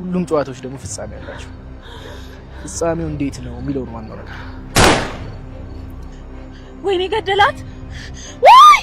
ሁሉም ጨዋታዎች ደግሞ ፍጻሜ አላቸው። ፍጻሜው እንዴት ነው የሚለው ነው ዋናው ነገር። ወይኔ ገደላት ወይ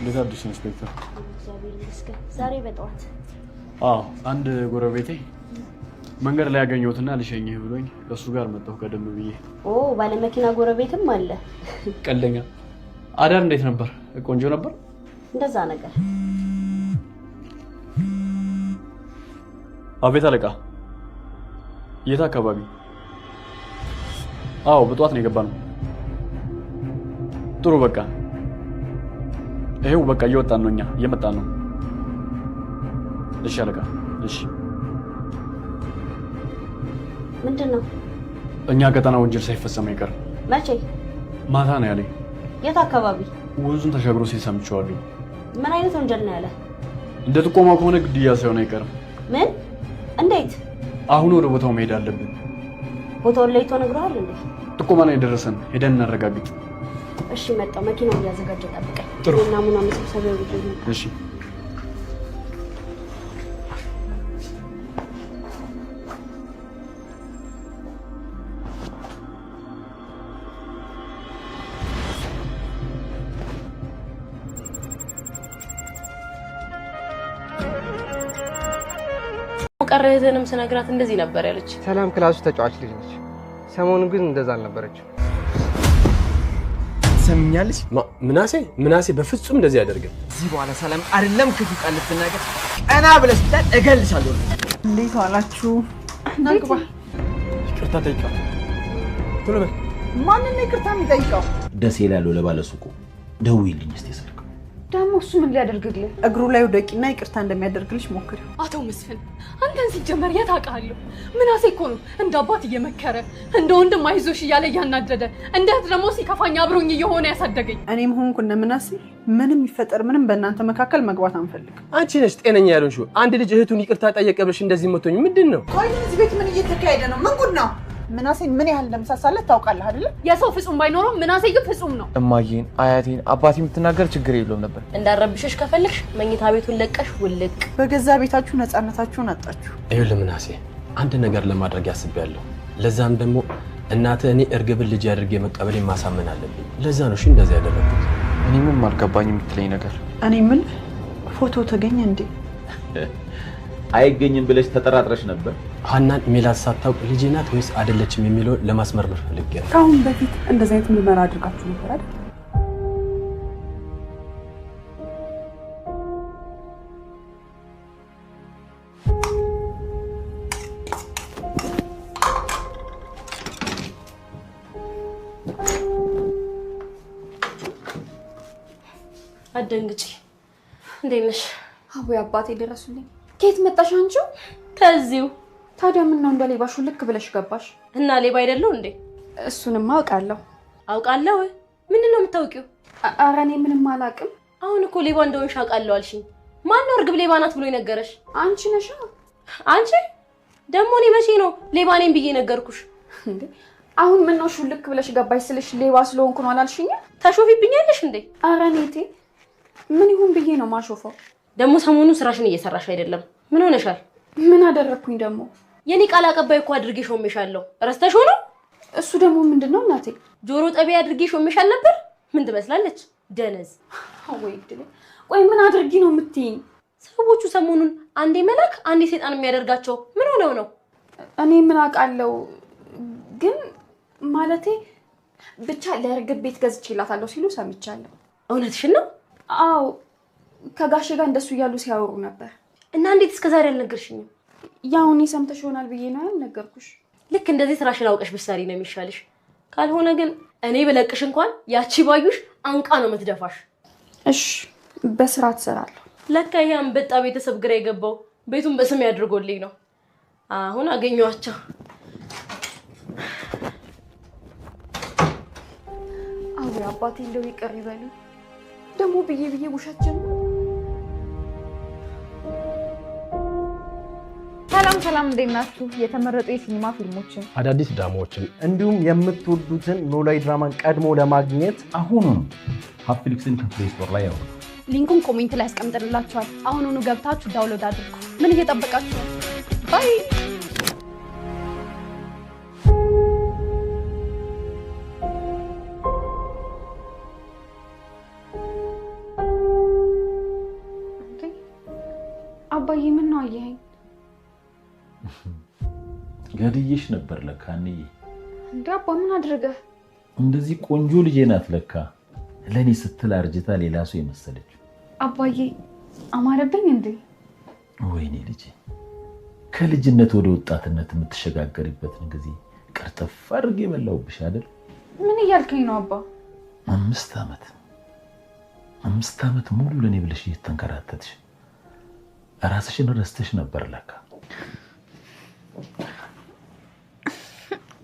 እንዴት አደርሽ ኢንስፔክተር? ዛሬ በጠዋት አዎ፣ አንድ ጎረቤቴ መንገድ ላይ ያገኘሁትና ልሸኝህ ብሎኝ እሱ ጋር መጣሁ ቀደም ብዬ። ኦ ባለመኪና ጎረቤትም አለ። ቀልደኛ። አዳር እንዴት ነበር? ቆንጆ ነበር። እንደዛ ነገር። አቤት አለቃ። የት አካባቢ? አዎ በጠዋት ነው ነው። ጥሩ በቃ ይሄው በቃ እየወጣን ነው እኛ እየመጣን ነው። እሺ አለቃ። እሺ ምንድን ነው? እኛ ቀጠና ወንጀል ሳይፈጸም አይቀርም። መቼ? ማታ ነው ያለኝ። የት አካባቢ? ወንዙን ተሻግሮ ሲል ሰምቼዋለሁ። ምን አይነት ወንጀል ነው ያለ? እንደ ጥቆማው ከሆነ ግድያ ሳይሆን አይቀርም። ምን? እንዴት? አሁን ወደ ቦታው መሄድ አለብን። ቦታውን ለይቶ ነግረዋል እንዴ? ጥቆማ ላይ የደረሰን ሄደን እናረጋግጥ። እሺ፣ መጣው። መኪናው እያዘጋጀ ጠብቀኝ። ጥሩ ናሙና መሰብሰቢያ እሺ እህትንም ስነግራት እንደዚህ ነበር ያለች። ሰላም ክላሱ ተጫዋች ልጅ ነች። ሰሞኑ ግን እንደዛ አልነበረችም። ሰምኛለች። ምናሴ ምናሴ በፍጹም እንደዚህ አያደርግም። እዚህ በኋላ ሰላም አይደለም ክፉ ቃል ልትናገር ቀና ብለሽ ስላት እገልሻለሁ። እንዴት ዋላችሁ? ናግባ ይቅርታ ጠይቃ ቶሎ በል። ማንን ይቅርታ የሚጠይቀው? ደስ ይላሉ። ለባለሱቁ ደውዪልኝ እስኪ ስልክ ደግሞ እሱ ምን ሊያደርግልህ? እግሩ ላይ ውደቂና ይቅርታ እንደሚያደርግልሽ ሞክር። አቶ መስፍን አንተን ሲጀመር የት አውቃለሁ? ምናሴ እኮ ነው እንደ አባት እየመከረ እንደ ወንድም አይዞሽ እያለ እያናደደ፣ እንደ እህት ደግሞ ሲከፋኝ አብሮኝ እየሆነ ያሳደገኝ። እኔም ሆንኩ እነ ምናሴ ምንም ይፈጠር ምንም በእናንተ መካከል መግባት አንፈልግ። አንቺ ነሽ ጤነኛ ያልሆንሽው። አንድ ልጅ እህቱን ይቅርታ ጠየቀ ብለሽ እንደዚህ መቶኝ ምንድን ነው? ቆይ እዚህ ቤት ምን እየተካሄደ ነው? ምን ጉድ ነው? ምናሴን ምን ያህል እንደመሳሳለት ታውቃለህ አይደለ? የሰው ፍጹም ባይኖረው ምናሴ ግን ፍጹም ነው። እማዬን፣ አያቴን፣ አባቴ የምትናገር ችግር የለውም ነበር። እንዳረብሽሽ ከፈለግሽ መኝታ ቤቱን ለቀሽ ውልቅ። በገዛ ቤታችሁ ነፃነታችሁን አጣችሁ። ይኸውልህ ምናሴ፣ አንድ ነገር ለማድረግ ያስቤያለሁ። ለዛም ደግሞ እናተ እኔ እርግብን ልጅ አድርጌ መቀበል ማሳመን አለብኝ። ለዛ ነው እሺ እንደዚህ ያደረግኩት። እኔ ምንም አልገባኝ የምትለኝ ነገር። እኔ ምን ፎቶ ተገኘ እንዴ? አይገኝም ብለሽ ተጠራጥረሽ ነበር። ሀናን ሜላት ሳታውቅ ልጄ ናት ወይስ አይደለችም የሚለው ለማስመርመር ፈልጌ ነው። ከአሁን በፊት እንደዚህ አይነት ምርመራ አድርጋችሁ ነበር አይደል? አትደንግጪ። እንዴት ነሽ? አቦ አባቴ ደረሱልኝ። ከየት መጣሽ አንቺ ከዚሁ። ታዲያ ምን ነው እንደ ሌባሹ ልክ ብለሽ ገባሽ እና ሌባ አይደለው እንዴ? እሱንም አውቃለሁ። አውቃለሁ? ምንድን ነው የምታውቂው? ኧረ እኔ ምንም አላውቅም። አሁን እኮ ሌባ እንደሆንሽ አውቃለሁ አልሽኝ። ማነው እርግብ ሌባ ናት ብሎ የነገረሽ? አንቺ ነሽ። አንቺ ደግሞ እኔ መቼ ነው ሌባ ነኝ ብዬ ነገርኩሽ? አሁን ምን ነው ሹልክ ብለሽ ገባሽ ስልሽ ሌባ ስለሆንኩ ነው አላልሽኝ? ተሾፊብኛለሽ እንዴ? ኧረ እኔ እቴ ምን ይሁን ብዬ ነው ማሾፈው ደግሞ ሰሞኑን ስራሽን እየሰራሽ አይደለም። ምን ሆነሻል? ምን አደረግኩኝ ደግሞ? የኔ ቃል አቀባይ እኮ አድርጌ ሾሜሻለሁ። ረስተሽ ሆኖ እሱ ደግሞ ምንድን ነው እናቴ? ጆሮ ጠቢያ አድርጌ ሾሜሻል ነበር። ምን ትመስላለች? ደነዝ ወይ ቆይ ምን አድርጊ ነው የምትይኝ? ሰዎቹ ሰሞኑን አንዴ መላክ አንዴ ሰይጣን የሚያደርጋቸው ምን ሆነው ነው? እኔ ምን አውቃለሁ። ግን ማለቴ ብቻ ለእርግብ ቤት ገዝቼ እላታለሁ ሲሉ ሰምቻለሁ። እውነትሽን ነው? አዎ ከጋሼ ጋር እንደሱ እያሉ ሲያወሩ ነበር። እና እንዴት እስከዛሬ አልነገርሽኝም? ያው እኔ ሰምተሽ ይሆናል ብዬ ነው ያልነገርኩሽ። ልክ እንደዚህ ስራሽን አውቀሽ ብትሰሪ ነው የሚሻልሽ። ካልሆነ ግን እኔ ብለቅሽ እንኳን ያቺ ባዩሽ አንቃ ነው የምትደፋሽ። እሺ በስራ ትሰራለሁ። ለካ ይሄ አንበጣ ቤተሰብ ግራ የገባው ቤቱን በስም ያድርጎልኝ ነው። አሁን አገኘኋቸው። አዎ አባቴ እንደው ይቅር ይበሉ ደግሞ ብዬ ብዬ ውሻችን ሰላም ሰላም፣ እንዴት ናችሁ? የተመረጡ የሲኒማ ፊልሞችን፣ አዳዲስ ድራማዎችን እንዲሁም የምትወዱትን ኖላዊ ድራማን ቀድሞ ለማግኘት አሁኑን ሀፕፊሊክስን ከፕሌይ ስቶር ላይ ያውሩ። ሊንኩን ኮሜንት ላይ ያስቀምጥንላችኋል። አሁኑኑ ገብታችሁ ዳውንሎድ አድርጉ። ምን እየጠበቃችሁ ነው? ባይ ገድዬሽ ነበር ለካ። እንዬ እንደ አባ ምን አድርገህ? እንደዚህ ቆንጆ ልጄ ናት ለካ። ለእኔ ስትል አርጅታ ሌላ ሰው የመሰለችው። አባዬ አማረብኝ እንዴ? ወይኔ ልጄ፣ ከልጅነት ወደ ወጣትነት የምትሸጋገሪበትን ጊዜ ቀርጠፍ አድርጌ የበላሁብሽ አይደል? ምን እያልከኝ ነው አባ? አምስት ዓመት አምስት ዓመት ሙሉ ለእኔ ብለሽ እየተንከራተትሽ ራስሽን ረስተሽ ነበር ለካ።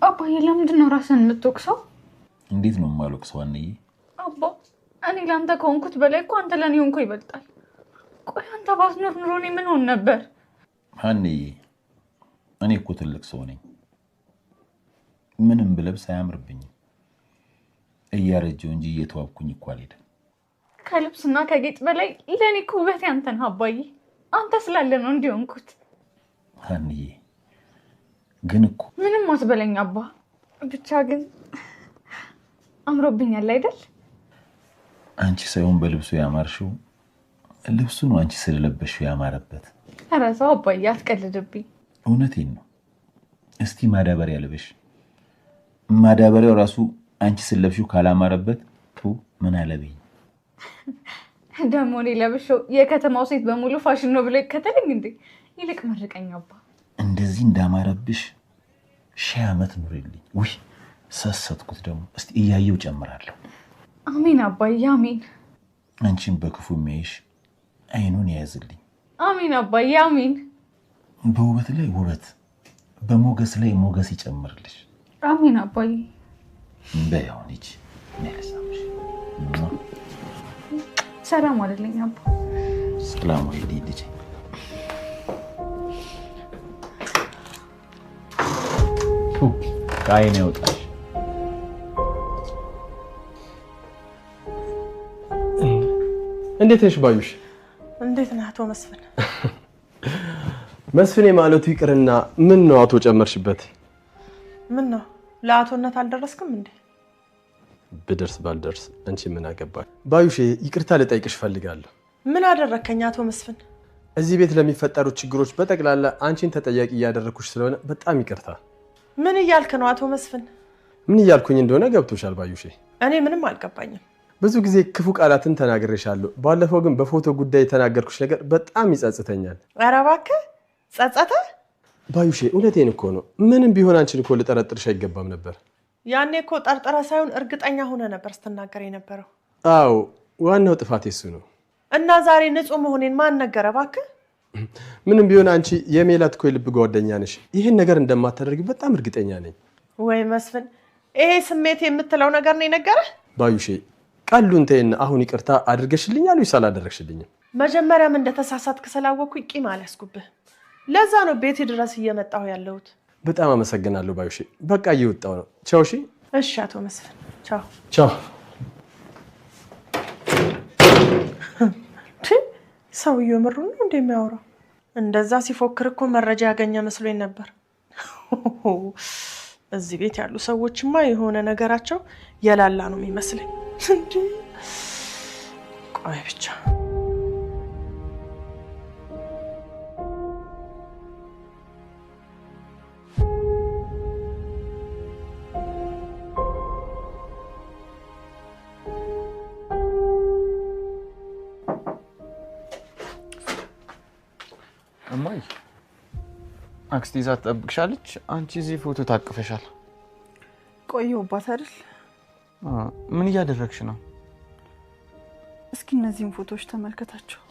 አባዬ ለምንድን ነው ራስን የምትወቅሰው? እንዴት ነው የማልወቅሰው? አንዬ አባ እኔ ለአንተ ከሆንኩት በላይ እኮ አንተ ለእኔ ሆንኩ ይበልጣል። ቆይ አንተ ባትኖር ኑሮ እኔ ምን ሆን ነበር? አንዬ እኔ እኮ ትልቅ ሰው ነኝ። ምንም ብለብስ አያምርብኝም። እያረጀው እንጂ እየተዋብኩኝ እኮ አልሄድም። ከልብስና ከጌጥ በላይ ለእኔ እኮ ውበቴ አንተን አባዬ። አንተ ስላለ ነው እንዲሆንኩት አንዬ ግን እኮ ምንም አትበለኝ አባ። ብቻ ግን አምሮብኛል አይደል? አንቺ ሳይሆን በልብሱ ያማርሽው ልብሱ ነው አንቺ ስለለበሽው ያማረበት። ኧረ ሰው አባዬ አትቀልድብኝ። እውነቴን ነው። እስቲ ማዳበሪያ ልበሽ። ማዳበሪያው ራሱ አንቺ ስለብሽው ካላማረበት ምን አለብኝ ደግሞ እኔ ለብሼው የከተማው ሴት በሙሉ ፋሽን ነው ብሎ ይከተለኝ እንዴ? ይልቅ መርቀኝ አባ እንደዚህ እንዳማረብሽ ሺህ ዓመት ኑሪልኝ። ውይ ሰሰትኩት ደግሞ እስቲ እያየው ጨምራለሁ። አሜን አባዬ አሜን። አንቺን በክፉ የሚያይሽ አይኑን የያዝልኝ። አሜን አባዬ አሜን። በውበት ላይ ውበት፣ በሞገስ ላይ ሞገስ ይጨምርልሽ። አሜን አባዬ። በያውን ይች ሰላም አለልኝ አባ። ሰላም ልጅ ከአይን ይወጣል። እንዴት ነሽ ባዩሽ? እንዴት ነህ አቶ መስፍን? መስፍኔ ማለቱ ይቅርና ምን ነው አቶ ጨመርሽበት? ምን ነው ለአቶነት አልደረስክም እንዴ? ብደርስ ባልደርስ አንቺ ምን አገባሽ? ባዩሽ ይቅርታ ልጠይቅሽ ፈልጋለሁ። ምን አደረከኝ አቶ መስፍን? እዚህ ቤት ለሚፈጠሩ ችግሮች በጠቅላላ አንቺን ተጠያቂ እያደረኩሽ ስለሆነ በጣም ይቅርታ ምን እያልክ ነው አቶ መስፍን? ምን እያልኩኝ እንደሆነ ገብቶሻል ባዩሼ? እኔ ምንም አልገባኝም። ብዙ ጊዜ ክፉ ቃላትን ተናግሬሻለሁ። ባለፈው ግን በፎቶ ጉዳይ የተናገርኩሽ ነገር በጣም ይጸጽተኛል። ኧረ እባክህ ጸጸተ? ባዩሼ እውነቴን እኮ ነው። ምንም ቢሆን አንቺን እኮ ልጠረጥርሽ አይገባም ነበር። ያኔ እኮ ጠርጠራ ሳይሆን እርግጠኛ ሆነ ነበር ስትናገር የነበረው። አዎ ዋናው ጥፋት የሱ ነው። እና ዛሬ ንጹህ መሆኔን ማን ነገረ እባክህ? ምንም ቢሆን አንቺ የሜላት እኮ የልብ ጓደኛ ነሽ። ይህን ነገር እንደማታደርግ በጣም እርግጠኛ ነኝ። ወይ መስፍን፣ ይሄ ስሜት የምትለው ነገር ነው የነገረህ? ባዩሼ፣ ቀሉን ተይን። አሁን ይቅርታ አድርገሽልኛል ወይስ አላደረግሽልኝም? መጀመሪያም እንደተሳሳትክ ስላወቅኩኝ ቂም አልያዝኩብህ። ለዛ ነው ቤቴ ድረስ እየመጣሁ ያለሁት። በጣም አመሰግናለሁ ባዩሼ። በቃ እየወጣሁ ነው። ቻው። እሺ፣ እሺ። አቶ መስፍን፣ ቻው፣ ቻው። ምሩ ነው እንደሚያወራው እንደዛ ሲፎክር እኮ መረጃ ያገኘ መስሎኝ ነበር። እዚህ ቤት ያሉ ሰዎችማ የሆነ ነገራቸው የላላ ነው የሚመስለኝ። ቆይ ብቻ አክስቴ ይዛ ትጠብቅሻለች። አንቺ እዚህ ፎቶ ታቅፈሻል። ቆየሁባት አይደል? ምን እያደረግሽ ነው? እስኪ እነዚህን ፎቶዎች ተመልከታቸው።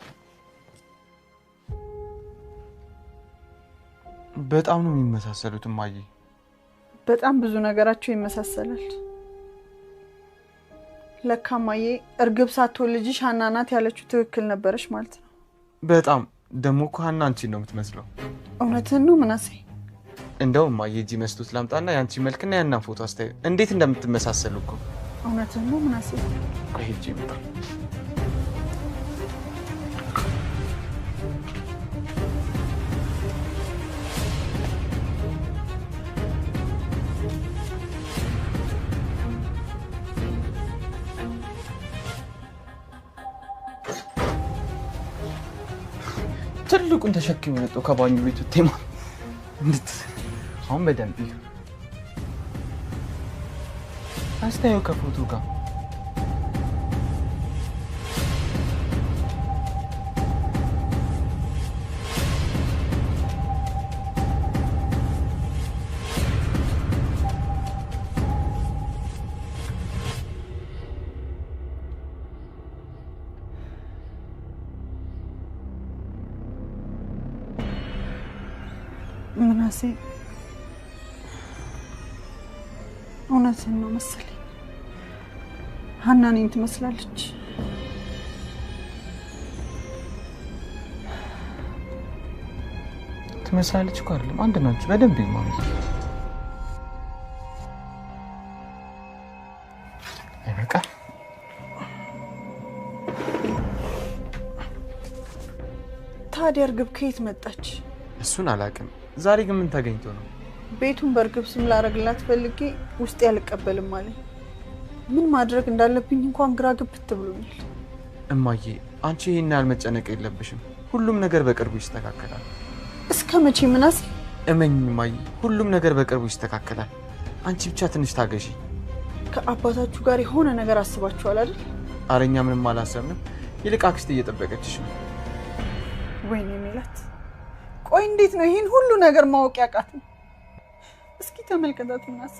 በጣም ነው የሚመሳሰሉት እማዬ። በጣም ብዙ ነገራቸው ይመሳሰላል። ለካ እማዬ እርግብ ሳቶ ልጅሽ ሀና ናት ያለችው ትክክል ነበረች ማለት ነው። በጣም ደግሞ እኮ ሀና አንቺን ነው የምትመስለው። እውነትን ነው ምናሴ? እንደውም እማዬ እጅ መስቶት ላምጣና የአንቺ መልክና ያናን ፎቶ አስተያዩ እንዴት እንደምትመሳሰሉ እኮ። እውነትን ነው ምናሴ? ቆይ እጅ ይመጣል ትልቁን ተሸክም የመጣው ከባኞ ቤት ቴማ አሁን በደንብ አስተያየው ከፎቶ ጋር ራሴ እውነትን ነው መሰለኝ። ሀና እኔን ትመስላለች። ትመስላለች እኮ አይደለም፣ አንድ ናች በደንብ ማለት ነው። ታዲያ እርግብ ከየት መጣች? እሱን አላውቅም። ዛሬ ግን ምን ተገኝቶ ነው? ቤቱን በእርግብ ስም ላረግላት ፈልጌ ውስጤ አልቀበልም ማለ። ምን ማድረግ እንዳለብኝ እንኳን ግራ ግብት ብሎኛል። እማዬ አንቺ ይህን ያህል መጨነቅ የለብሽም። ሁሉም ነገር በቅርቡ ይስተካከላል። እስከ መቼ ምናስ? እመኝ እማዬ፣ ሁሉም ነገር በቅርቡ ይስተካከላል። አንቺ ብቻ ትንሽ ታገዢ። ከአባታችሁ ጋር የሆነ ነገር አስባችኋል አይደል? አረኛ ምንም አላሰብንም። ይልቅ አክስት እየጠበቀችሽ ነው። ወይኔ ሜላት ቆይ እንዴት ነው ይህን ሁሉ ነገር ማወቅ ያቃተው? እስኪ ተመልከታት እናት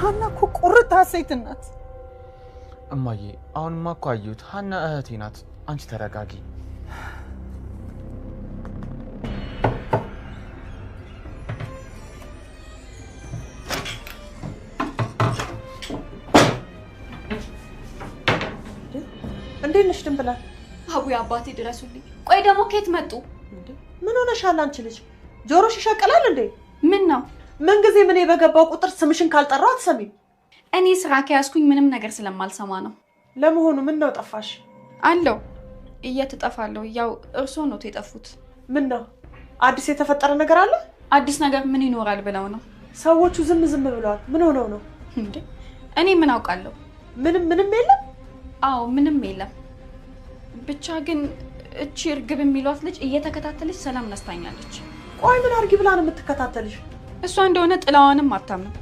ሀና እኮ ቁርጥ ሀሴት ናት። እማዬ አሁን እኮ አየሁት፣ ሀና እህቴ ናት። አንቺ ተረጋጊ። እንዴት ነሽ ድንብላል? አቡዬ አባቴ ድረሱልኝ። ቆይ ደግሞ ከየት መጡ? ምን ሆነሻል አንቺ ልጅ? ጆሮሽ ይሸቅላል እንዴ? ምን ነው? ምን ጊዜ እኔ በገባው ቁጥር ስምሽን ካልጠራው አትሰሚም? እኔ ስራ ከያዝኩኝ ምንም ነገር ስለማልሰማ ነው። ለመሆኑ ምን ነው ጠፋሽ? አለው እየትጠፋለሁ። ያው እርስዎ ነው የጠፉት። ምን ነው አዲስ የተፈጠረ ነገር አለ? አዲስ ነገር ምን ይኖራል ብለው ነው ሰዎቹ ዝም ዝም ብለዋል። ምን ሆነው ነው እንዴ? እኔ ምን አውቃለሁ? ምንም ምንም የለም። አዎ ምንም የለም። ብቻ ግን እቺ እርግብ የሚሏት ልጅ እየተከታተለች ሰላም ነስታኛለች። ቆይ ምን አርጊ ብላ ነው የምትከታተልሽ? እሷ እንደሆነ ጥላዋንም አታምንም።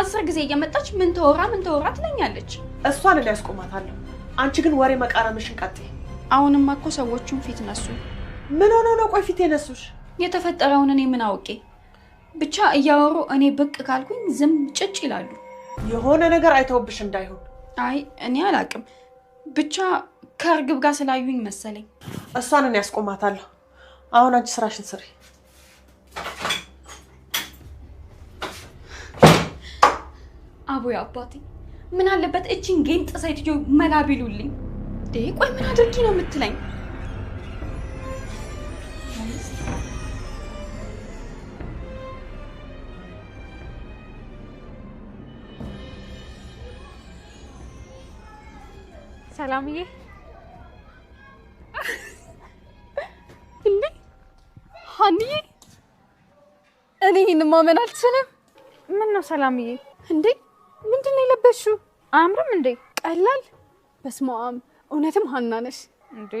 አስር ጊዜ እየመጣች ምን ተወራ ምን ተወራ ትለኛለች። እሷን እኔ ያስቆማታለሁ። አንቺ ግን ወሬ መቃረምሽን ቀጤ አሁንማ እኮ ሰዎቹም ፊት ነሱ። ምን ሆኖ ነው ቆይ ፊት የነሱሽ? የተፈጠረውን እኔ ምን አውቄ ብቻ እያወሩ እኔ ብቅ ካልኩኝ ዝም ጭጭ ይላሉ። የሆነ ነገር አይተውብሽ እንዳይሆን። አይ እኔ አላቅም ብቻ ከእርግብ ጋር ስላዩኝ መሰለኝ። እሷንን ያስቆማታለሁ። አሁን አንቺ ስራሽን ስሪ። አቦይ አባቴ ምን አለበት እችን ጌን ጥሳይትዮ መላ ቢሉልኝ። ቆይ ምን አድርጊ ነው የምትለኝ? ሰላምዬ እኔ ይህን ማመን አልችልም። ምን ነው ሰላምዬ? እንዴ ምንድን ነው የለበሽው? አያምርም እንዴ? ቀላል። በስመ አብ እውነትም ሀና ነሽ እንዴ?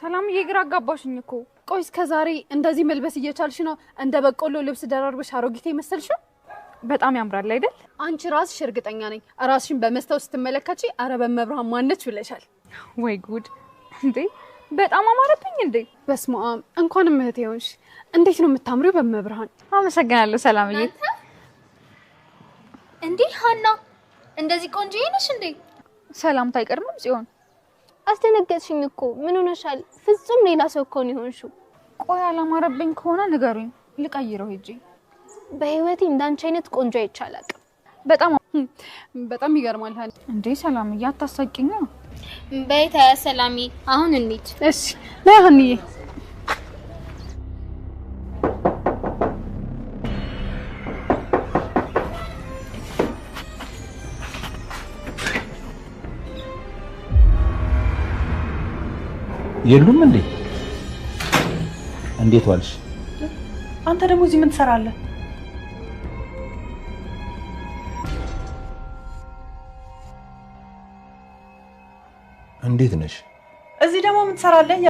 ሰላምዬ ግራ አጋባሽኝ እኮ። ቆይ እስከ ዛሬ እንደዚህ መልበስ እየቻልሽ ነው እንደ በቆሎ ልብስ ደራርበሽ አሮጊቴ መሰልሽው? በጣም ያምራል አይደል? አንቺ ራስሽ እርግጠኛ ነኝ ራስሽን በመስታወት ስትመለከቺ አረ በመብርሃን ማነች ብለሻል። ወይ ጉድ እንዴ በጣም አማረብኝ እንዴ! በስመ አብ! እንኳንም እህቴ ሆንሽ። እንዴት ነው የምታምሪው! በመብርሃን አመሰግናለሁ። ሰላምዬ፣ እንዴ ሀና፣ እንደዚህ ቆንጆ ነሽ እንዴ! ሰላምታ አይቀድምም ጽዮን። አስደነገጥሽኝ እኮ ምን ሆነሻል? ፍጹም ሌላ ሰው እኮ ነው የሆንሽው። ቆይ አላማረብኝ ከሆነ ንገሩኝ፣ ልቀይረው ሂጂ። በህይወቴ እንዳንቺ አይነት ቆንጆ አይቻል አቅም። በጣም በጣም ይገርማል። እንዴ ሰላምዬ፣ አታሳቂኝ ነው በይታ ሰላሚ፣ አሁን እንሂድ። እሺ ነይ አሁን የሉም እንዴ? እንዴት ዋልሽ? አንተ ደግሞ እዚህ ምን ትሰራለህ? እንዴት ነሽ? እዚህ ደግሞ ምን ትሰራለህ?